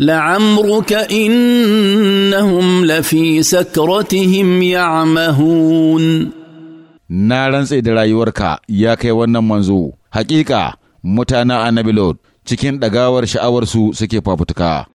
لعمرك إنهم لفي سكرتهم يعمهون na rantse da rayuwarka ya kai wannan manzo hakika mutana annabi lod cikin ɗagawar sha'awarsu suke fafutuka